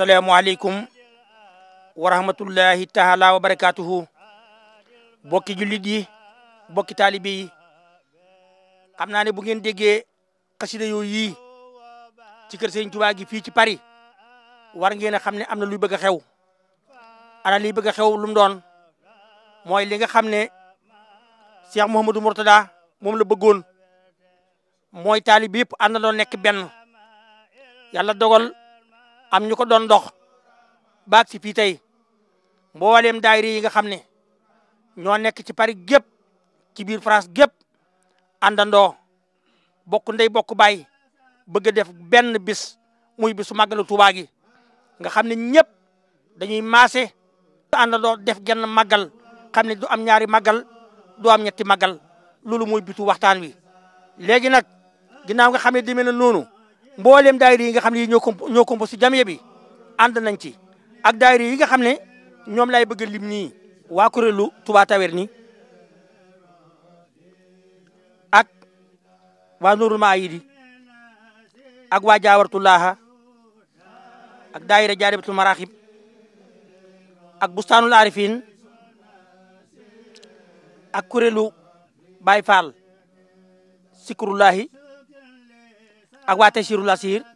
asalaamualeykum wa rahmatullahi taala wa barakaatuhu bokki jullit yi bokki taalibe yi xam naa ne bu ngeen déggee xasida yooyu yii ci kër Sëriñ Tuubaa gi fii ci Paris war ngeen a xam ne am na luy bëgg a xew ana liy bëgg a xew lum mu doon mooy li nga xam ne Cheikh Mouhamadou Mourtada moom la bëggoon mooy taalibe yëpp àndandoo nekk benn yàlla dogal am ñu ko doon dox baag si fii tey mboolem daayira yi nga xam ne ñoo nekk ci Paris gépp ci biir France gépp àndandoo bokk ndey bokk baay bëgg a def benn bis muy bisu màggalu Tuubaa gi nga xam ne ñëpp dañuy maase àndandoo def genn màggal xam ne du am ñaari màggal du am ñetti màggal loolu mooy bitu waxtaan wi léegi nag ginnaaw nga xam ne demee na noonu mboolem daayira yi nga xam ne ñoo comp ñoo composé jamiya bi ànd nañ ci ak daayira yi nga xam ne ñoom lay bëgg lim nii waa kuréelu Touba Tawerni ak waa Nuurul Maayidi ak waa Jaawartullaaha ak daayira Jaaribatul Maraaxib ak Bustaanul Arifin ak kuréelu Baay Faal Sikrullaahi ak waa Taysiirul Asiir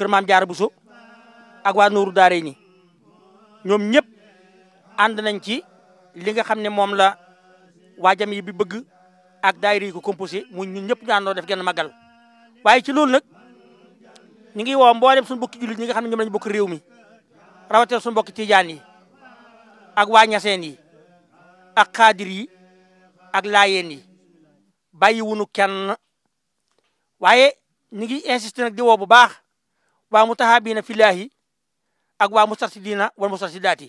kër maam jaar Buso ak waa Nuuru Daare ni ñoom ñëpp ànd nañ ci li nga xam ne moom la waa jam yi bi bëgg ak daayira yi ko composé mu ñu ñëpp ñu àndoo def genn màggal waaye ci loolu nag ñu ngi woo mboolem suñu bokki jullit ñi nga xam ne ñoom lañu bokk réew mi rawatina suñu bokki tiijaan yi ak waa ñaseen yi ak xaadir yi ak laayeen yi wunu kenn waaye ñu ngi insisté nag bu baax waa mu mutahaabina fillaahi ak waa mustarsidiina wal mustarsidaati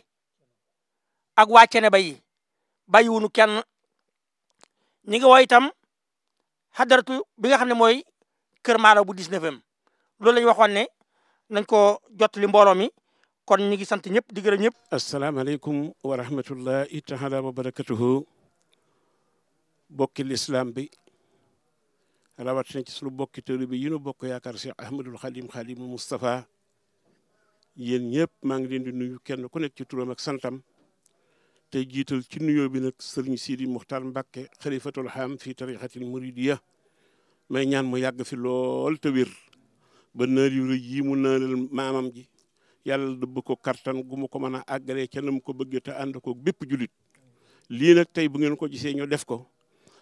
ak waa cene bayi bàyyiwunu kenn ñi ngi woo itam bi nga xam ne mooy kër maalaw bu 19e loolu la ñu waxoon ne nañ ko jottali mbooloo mi kon ñu ngi sant ñëpp di gërëm ñëpp asalaamaaleykum wa rahmatullahi taala wa barakatuhu bokki lislaam bi rawatina ci suñu bokki taalibe yi ñu bokk yaakaar Cheikh Ahmadul Xadim Xadimul Moustapha yéen ñëpp maa ngi leen di nuyu kenn ku nekk ci turam ak santam te jiital ci nuyoo bi nag sëriñ Sidi Muxtaar Mbàkke xalifatul ham fii tariqatil muridiya may ñaan mu yàgg fi lool te wér ba naar yu rëy yi mu naalal maamam ji yàlla dëbb ko kartan gu mu ko mën a àggalee ca na mu ko bëggee te ànd ko bépp julit lii nag tey bu ngeen ko gisee ñu def ko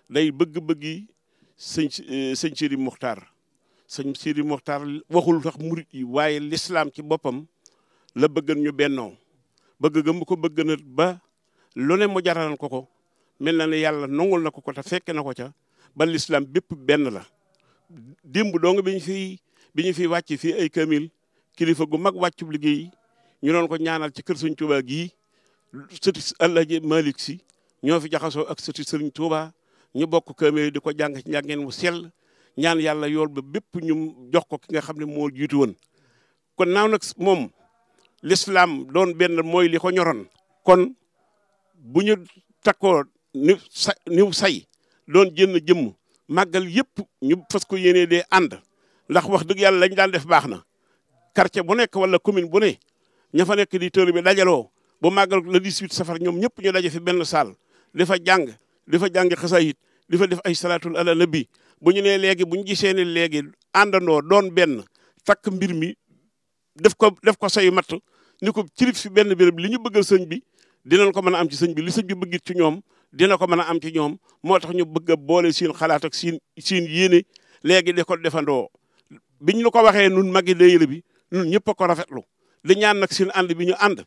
day bëgg-bëgg sëñ eh, sëñ Sidi Muxtaar sëñ Sidi Muxtaar waxul tax murit waaye lislaam ci boppam la bëggan ñu bennoo bëgg ga ko bëgg na ba lone ne mu jaralan ko ko mel na ne yàlla nongul na ko ko te fekke na ko ca ba lislaam bépp benn la démb dong biñ ñu fiy bi ñu fi wàcc fii ay kamil kilifa gu mag wàccub liggéey ñu doon ko ñaanal ci kër sëñ Tuuba gii sëti Alaaji Malick Si ñoo fi jaxasoo ak sëti sëriñ Tuuba ñu bokk kaamil di ko jàng ci ngeen mu sel ñaan yàlla yool ba bépp ñu jox ko ki nga xam ne moo jiitu woon kon naaw nag moom lislaam doon benn mooy li ko ñoroon kon bu ñu takkoo sa niw say doon jënn jëmm màggal yëpp ñu fas ko yenee dee ànd ndax wax dëgg yàlla lañ daan def baax na quartier bu nekk wala commune bu ne ña fa nekk di tër bi dajaloo bu màggal le 18 safar ñoom ñëpp ñu daje fi benn salle dafa jàng di fa jàng xasaayit di fa def ay salaatul ala nabi bu ñu nee léegi bu ñu gisee ne léegi àndandoo doon benn takk mbir mi def ko def ko sayu matt ni ko cirif si benn béréb li ñu bëggal sëñ bi dinañ ko mën a am ci sëñ bi li sëñ bi bëggit ci ñoom dina ko mën a am ci ñoom moo tax ñu bëgg a boole seen xalaat ak seen seen yéene léegi di ko defandoo biñ la ko waxee nun magi déyële bi nun ñëpp a ko rafetlu di ñaan nag seen ànd bi ñu ànd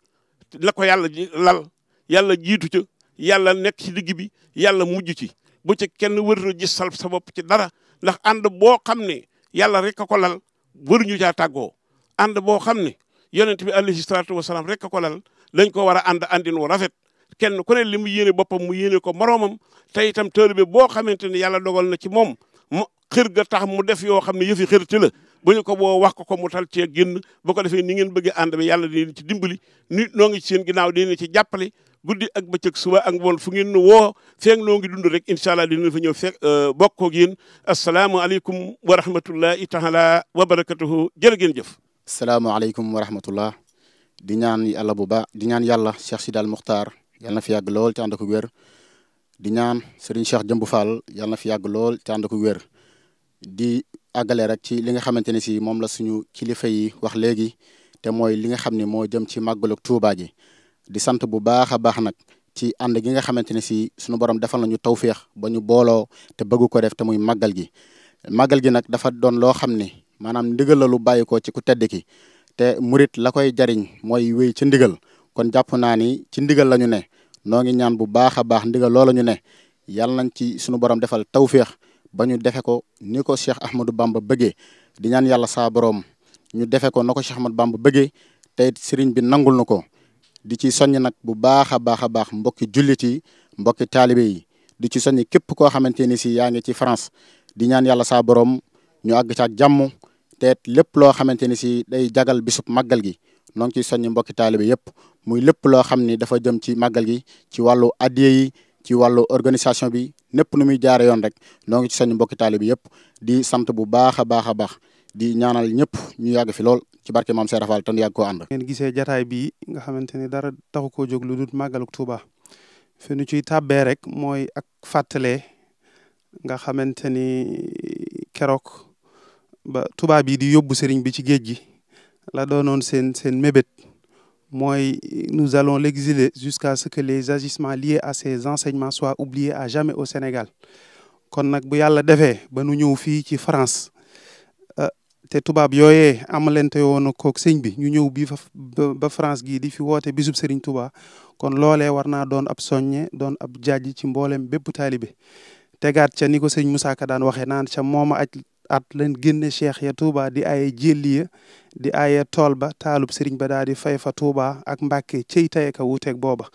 la ko yàlla lal yàlla jiitu ca yàlla nekk ci digg bi yàlla mujj ci bu ci kenn wërta gis sal sa bopp ci dara ndax ànd boo xam ne yàlla rek a ko lal wëruñu caa tàggoo ànd boo xam ne yonent bi alayhi salaatu wasalaam rek a ko lal dañ ko war a ànd àndin wu rafet kenn ku ne li mu yéene boppam mu yéene ko moroomam te itam taalibe boo xamante ne yàlla dogal na ci moom mu xër ga tax mu def yoo xam ne yëfi xër ci la bu ñu ko boo wax ko ko mu tal cee génn bu ko defee ni ngeen bëggee ànd bi yàlla ci dimbali nit ci seen ginnaaw dina ci jàppale guddi ak bëccëg suba ak ngoon fu ngeen nu woo feeg noo ngi dund rek incha allah dinañ fa ñëw fekk euh, bokk ak yéen asalaamualeykum wa rahmatullahi taala wa barakatuhu jërë ngeen jëf. salaamaaleykum wa rahmatullah di ñaan yàlla bu baax di ñaan yàlla Cheikh Sidi Al Muxtaar yàlla na fi yàgg lool te ànd ko wér di ñaan Serigne Cheikh Jëmbu Fall fi yàgg lool te ànd ko àggale rek ci li nga xamante ne si moom la suñu kilifa yi wax léegi te mooy li nga xam ne moo jëm ci màggalu Tuubaa ji. di sant bu baax a baax nag ci ànd gi nga xamante ne si sunu borom defal na ñu nañu feex ba ñu booloo te bëgg ko def te muy màggal gi màggal gi nag dafa doon loo xam ne maanaam ndigal la lu bàyyi ko ci ku tedd ki te murit la koy jariñ mooy wéy ci ndigal kon jàpp naa ni ci ndigal la ñu ne noo ngi ñaan bu baax a baax ndigal loola ñu ne yàlla nañ ci sunu borom defal tawféex ba ñu defe ko ni ko Cheikh Ahmadou Bamba bëggee di ñaan yàlla saa borom ñu defe ko na ko Cheikh Ahmadou Bamba bëggee te it sëriñ bi nangul na ko di ci soññ nag bu baax a baax a baax mbokki jullit yi mbokki taalibe yi di ci soññ képp koo xamante ni si yaa ngi ci France di ñaan yàlla saa borom ñu àgg ca ak jàmm te lépp loo xamante ni si day jagal bisub màggal gi noo ngi ciy soññ mbokki taalibe yëpp muy lépp loo xam ni dafa jëm ci màggal gi ci wàllu addiya yi ci wàllu organisation bi népp nu muy jaare yoon rek noo ngi ci soññ mbokki taalibe yëpp di sant bu baax a baax a baax di ñaanal ñëpp ñu yàgg fi lool ci barke maam Seera Fall tan yàgg koo ànd. ngeen gisee jataay bii nga xamante ni dara taxu koo jog lu dul màggaluk Tuuba fi nu ciy tàbbee rek mooy ak fàttalee nga xamante ni keroog ba Tuuba bii di yóbbu sëriñ bi ci géej gi la doonoon seen seen mébét mooy nous allons l'exiler jusqu'à ce que les agissements liés à ces enseignements soient oubliés à jamais au Sénégal kon nag bu yàlla defee ba nu ñëw fii ci France. te tubaab yooyee amalante woon kook sëñ bi ñu ñëw bii ba France gii di fi woote bisub sëriñ Touba kon loole war naa doon ab soññe doon ab jaaj ci mboolem bépp taalibe tegaat ca ni ko sëñ Moussa Ka daan waxee naan ca mooma aj at leen génne cheikh ya Touba di aye jélli di aye tool ba taalub sëriñ ba daal di fay fa Touba ak Mbàkke cey tey ka wuuteeg booba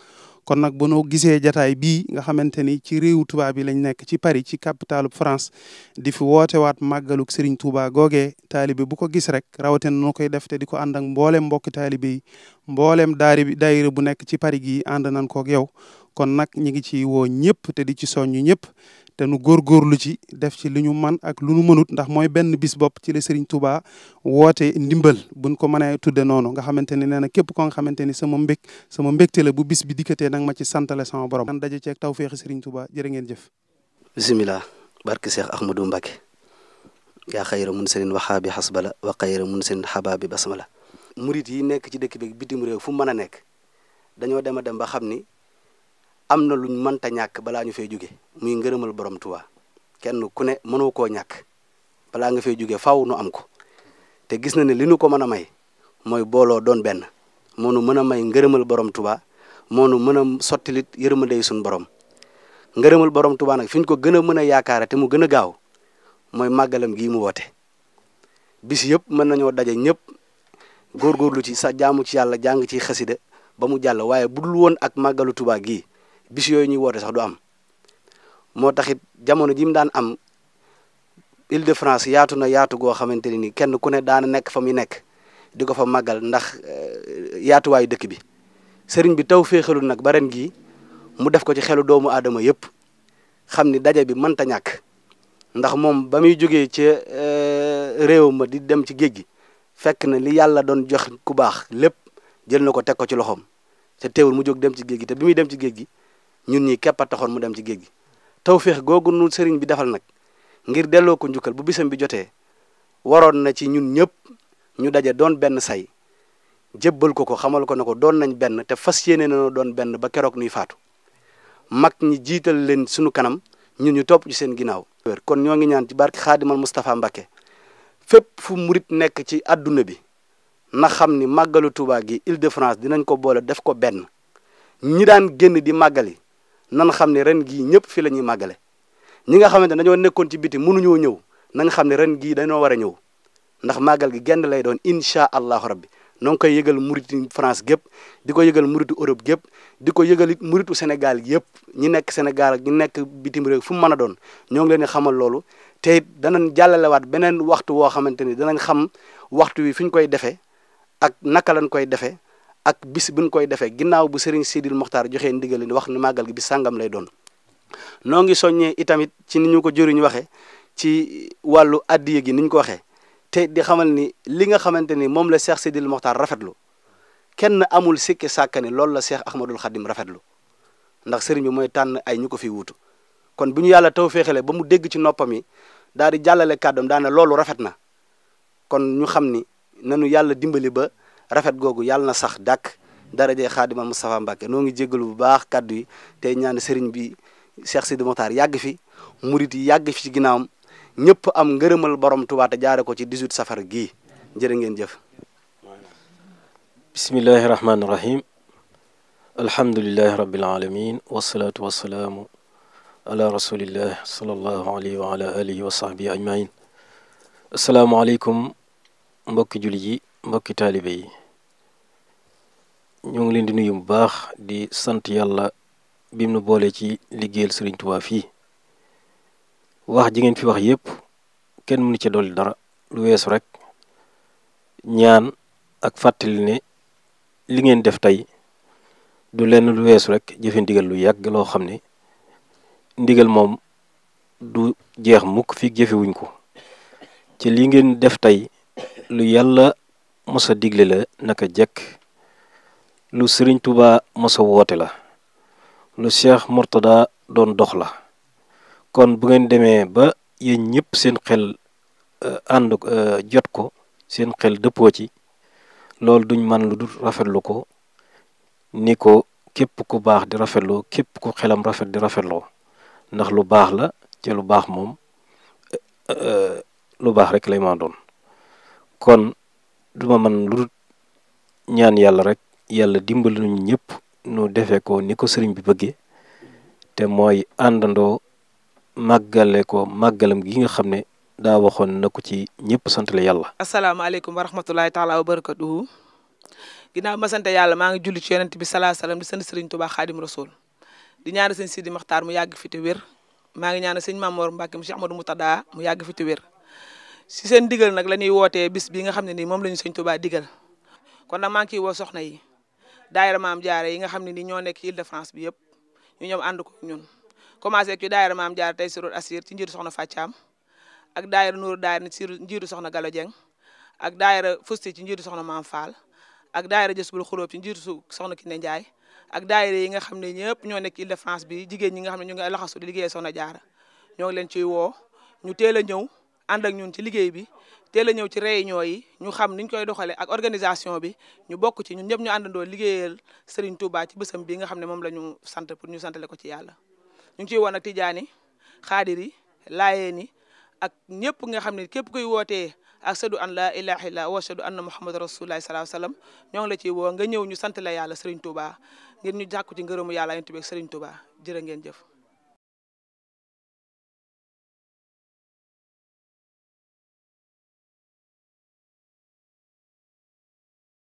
kon nag bu noo gisee jataay bii nga xamante ni ci réewu tubaab bi lañ nekk ci Paris ci capitalu France di fi wootewaat màggaluk Serigne Touba googee taalibe bu ko gis rek rawatina noo koy def te di ko ànd ak mboolem mbokki taalibe yi mboolem daari daayira bu nekk ci Paris gi ànd nañ koog yow kon nag ñu ngi ci woo ñëpp te di ci soññu ñëpp te nu lu ci def ci lu ñu man ak lu nu mënut ndax mooy benn biss bopp ci la Serigne Touba woote ndimbal buñ ko mënee tudde noonu nga xamante ni nee na képp ko nga xamante ni sama mbég sama mbégte la bu bis bi dikkatee nag ma ci santale sama borom nan daje ceeg tawféexi Serigne Touba jërë ngeen jëf bisimilah barke Cheikh Ahmadou Mbacké yaa xayra mun senin waxaabi xasbala wa xayra mun senin xabaabi basmala murit yi nekk ci dëkk bi bitim réew mën a nekk dañoo dem a dem ba xam ni am na luñ mënta ñàkk balaa ñu fay jóge muy ngërëmal borom Tuubaa kenn ku ne mënoo koo ñàkk balaa nga fay jóge faw nu am ko te gis na ne li nu ko mën a may mooy booloo doon benn moo nu mën a may ngërëmal borom tubaa moo nu mën a sottilit yërmandey suñu borom ngërëmal borom tubaa nag fi ko gën a mën a yaakaare te mu gën a gaaw mooy màggalam gii mu woote bis yëpp mën nañoo daje ñëpp góorgóorlu ci sa jaamu ci yàlla jàng ci xasida ba mu jàll waaye budul woon ak màggalu Tuubaa gii bis yooyu ñuy woote sax du am moo tax it jamono ji mu daan am Île-de-France yaatu na yaatu goo xamante ne ni kenn ku ne daana nekk fa muy nekk di ko fa màggal ndax eh, yaatuwaayu dëkk bi sëriñ bi taw féexalul nag ba ren gii mu def ko ci xelu doomu aadama yëpp xam ni daje bi mënta ñàkk ndax moom ba muy jógee ca eh, réew ma di dem ci géej gi fekk na li yàlla doon jox ku baax lépp jël na ko teg ko ci loxoom te teewul mu jóg dem ci géej gi te bi muy dem ci géej gi ñun ñii kepp a taxoon mu dem ci géej gi tawféex googu nu sëriñ bi defal nag ngir delloo ko njukkal bu bisam bi jotee waroon na ci ñun ñëpp ñu daje doon benn say jébbal ko ko xamal ko na ko doon nañ benn te fas yéene nañoo doon benn ba keroog nuy faatu mag ñi jiital leen sunu kanam ñun ñu topp ci seen ginnaaw. kon ñoo ngi ñaan ci barke xaadimal Moustapha Mbacké fépp fu murit nekk ci àdduna bi na xam ni màggalu tubaa gi Île-de-France dinañ ko boole def ko benn ñi daan génn di màggali. nan xam ne ren gii ñëpp fi la ñuy màggale ñi nga xamante ne dañoo nekkoon ci biti mënuñoo ñëw na nga xam ne ren gii dañoo war a ñëw ndax màggal gi genn lay doon incha allahu rabbi noo koy yëgal muritu France gépp di ko yëgal muritu Europe gépp di ko yëgal muritu Sénégal yëpp ñi nekk Sénégal gi ñi nekk bitim rek fu mu mën a doon ñoo ngi leen di xamal loolu te it danañ jàllalewaat beneen waxtu woo xamante ni danañ xam waxtu wi fi ñu koy defee ak naka lañ koy defee ak bis buñ koy defee ginnaaw bu Serigne Sidil Mokhtar joxee ndigal ni wax ni màggal gi bis sàngam lay doon noo ngi soññee itamit ci ni ñu ko jëriñ waxee ci wàllu addiya gi ni ñu ko waxee te di xamal ni li nga xamante ni moom la Cheikh Sidil Mokhtar rafetlu kenn amul sikki sàkka ni loolu la Cheikh Ahmadul Xadim rafetlu ndax sëriñ bi mooy tànn ay ñu ko fi wutu kon bu ñu yàlla taw féexale ba mu dégg ci noppam yi daal di jàllale kàddam daana loolu rafet na yàlla dimbali ba rafet googu yàlla na sax dàkk darajee xaadimal Moustapha Mbacke noo ngi jéggalu bu baax kàddu yi tey ñaan sëriñ bi Cheikh Sidi Mokhtar yàgg fi murit yi yàgg fi ci ginnaawam ñëpp am ngërëmal borom Tuubaa te ko ci 18 safar gi jërë ngeen jëf bismillahi rahmaani rahim alhamdulilahi rabbil alamin wasalaatu wasalaamu ala rasulillah salallahu alayhi wa ala alihi wa sahbihi ajmain asalaamaaleykum mbokki julli mbokki taalibe ñoo ngi leen di nuyu bu baax di sant yàlla bim nu boole ci liggéeyal Sëriñ Tuubaa fii wax ji ngeen fi wax yépp kenn mënu ci dolli dara lu weesu rek ñaan ak fàttali ne li ngeen def tey du lenn lu weesu rek jëfe ndigal lu yàgg loo xam ne ndigal moom du jeex mukk fi jëfewuñ ko ci li ngeen def tey lu yàlla mosa digle la naka jekk lu sëriñ tubaa mosa woote la lu Cheikh Mourtada doon dox la kon bu ngeen demee ba yéen ñëpp seen xel euh, ànd euh, jot ko seen xel dëppoo ci loolu duñ man lu dul rafetlu ko ni ko képp ku baax di rafetloo képp ko xelam rafet di rafetloo ndax lu baax la ci lu baax moom euh, lu baax rek lay maa doon kon duma man lu dul ñaan yàlla rek yàlla dimbali nañu ñëpp nu defee ko ni ko sëriñ bi bëggee te mooy àndandoo màggale ko màggalam gi nga xam ne daa waxoon na ko ci ñëpp sant la yàlla. asalaamaaleykum wa rahmatulahi taala wa barakatuhu ginnaaw ma sant yàlla maa ngi julli ci yonent bi salaa salaam di sant sëriñ Tuubaa Xaadim Rasuul di ñaanal sëñ Sidi Maxtaar mu yàgg fi te wér maa ngi ñaanal sëñ Mamoor Mbàkke mu Cheikh Ahmadou Moutada mu yàgg fi te wér si seen digal nag la ñuy wootee bis bi nga xam ne nii moom la sëñ Tuubaa digal kon nag maa ngi ciy woo soxna yi. daayira maam jaare yi nga xam ne ni ñoo nekk Île-de-France bi yëpp ñu ñoom ànd ko ñun commencé ci daayira maam jaar tey surul assir ci njiitu soxna Fàccaam ak daayira nuuru daayira ci njiitu soxna Galo Dieng ak daayira fusti ci njiitu soxna maam Fall ak daayira jësbul xuróob ci njiitu soxna ne Ndiaye ak daayira yi nga xam ne ñëpp ñoo nekk Île-de-France bi jigéen ñi nga xam ne ñu ngi laxasu di liggéey soxna jaar ñoo ngi leen ciy woo ñu teel a ñëw ànd ak ñun ci liggéey bi teel a ñëw ci réunion yi ñu xam niñ koy doxalee ak organisation bi ñu bokk ci ñun ñëpp ñu àndandoo liggéeyal Serigne Touba ci bésam bii nga xam ne moom la ñu sant pour ñu santale ko ci yàlla ñu ngi ciy woon ak tijaani xaadir yi laayeen yi ak ñëpp nga xam ne képp kuy wootee ashadu an la ilaha illa wa ashadu anna muhammad rasulullah sallallahu alayhi wasallam ñoo la ci woo nga ñëw ñu sant la yàlla Serigne Touba ngir ñu jàkku ci ngërëmu yàlla yonent bi ak Serigne Touba ngeen jëf